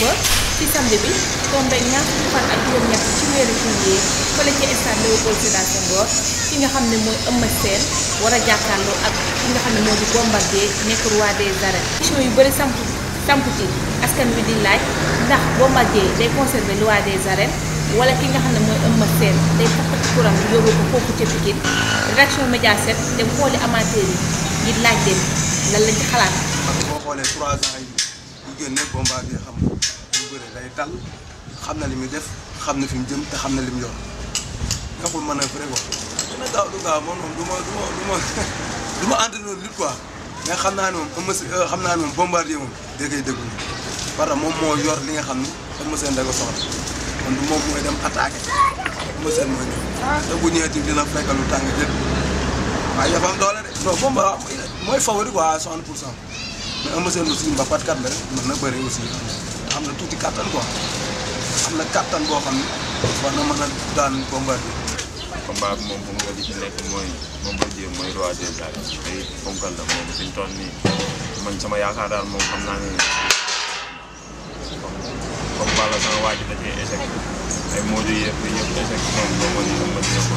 suba ci samedi bi tombé ñaar fukki fan ak juróom-ñett ci weeru juillet fële ci stade Léopold Sédar Senghor ki nga xam ne mooy Eumeu Sène war a jàkkaarloo ak ki nga xam ne moo di Bombardier nekk roi des arènes. question yu bëri samp samp ci askan wi di laaj ndax Bombardier day conserver roi des arènes wala ki nga xam ne mooy Eumeu Sène day fàttali kuram yóbbu ko foofu ca Pikine rédaction Média 7 dem xooli amateur ngir laaj leen lan ci xalaat. génne bombardier xam nga bu bëree day dal xam na li muy def xam na fi mu jëm te xam na li mu yor nekkul mën a bëri quoi. dina gaaw du man moom du naa ne moom Eumeu Sène euh, xam naa ne moom bombardier moom da koy déglu moo yor li nga xam ne Eumeu Sène da ko soxla kon du moom mooy dem attaqué Eumeu Sène lu tàng jël waaye mooy favori quoi à 60 pour cent. mais Eumeu Sène aussi mbapatkat la mën na bëri aussi xam na tuuti kattan quoi am na kattan boo xam ne war na mën a daan Bombardier bi. combat bi moom Bombardier li ci nekk mooy Bombardier mooy roi des arènes ay fonkal la moom fi ñu toll nii man sama yaakaar daal moom xam naa ne comme Balla sama waa ji da cee échec ay Modou yëpp yëpp échec moom Bombardier moom dina ko.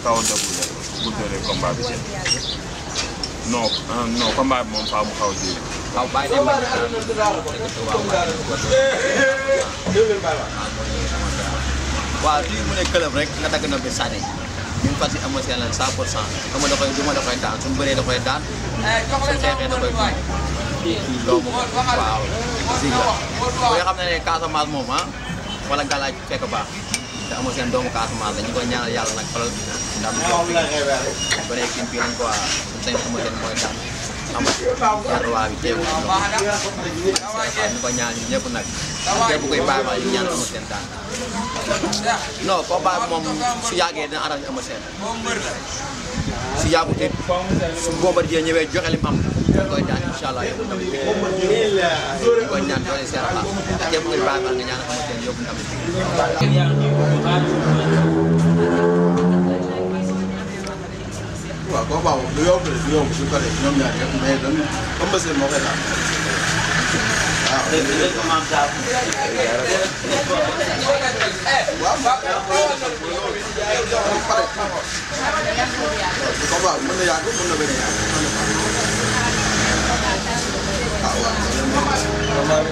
kaw dëggu la bu dóoree combat bi jeex non euh, non combat bi mu a ne club rek nga dagg na bi sànni ñun fas yi amoo seen lan 100 pour du ma da daan suñu bëree da daan suñu xeexee da koy dund loolu moom waaw. si la ne Casamance moom ah wala galaaj fekk baax. te amoo seen doomu Casamance la ñu koy ñaanal yàlla nag xolal ndam jox fi ba nekk fii lañ quoi suñ sañ amoo seen mooy ndam xam nga roi bi teewu ñu ko ñaanal ñun ñëpp nag képp koy bàyyi ma ñu ñaanal amoo seen allah ya. kwa nyan kwa nisi apa aja mungkin berapa ngenyang kamu jadi yo benda Hãy subscribe cho kênh Ghiền Mì Gõ Để không bỏ lỡ những video hấp dẫn waaw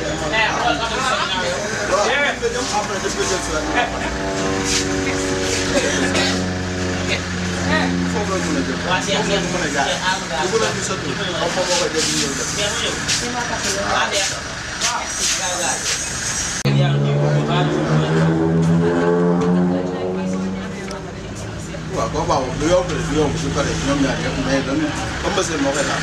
kooku waaw lu yomb la lu yomb su ko defee ñoom ñaar yëpp mais dañu comme monsieur moo koy laal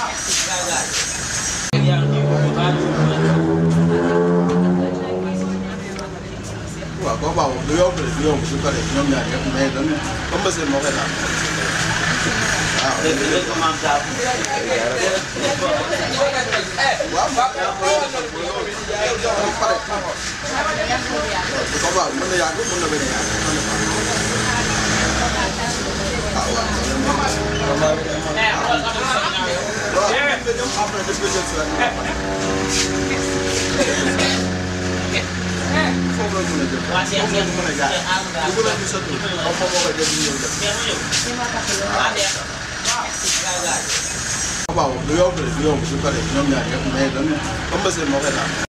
waaw boo baaxul du yomb du yomb du pare ñoom ñaar yëpp mais dañu comme monsieur moo koy laal waaw. waaw. waaw pare. waaw bu ko baax mën na yàgg mën na bañ a yàgg. ne bés nga jël si rek foofu la mën a jël foofu la mën a jaar bu gën a ñu sotti moom foofu moo koy jël ñu ñëw jël waaw lu yomb la du yomb su ko def ñoom ñaar yëpp mais dañu ëmbaseen moo koy laal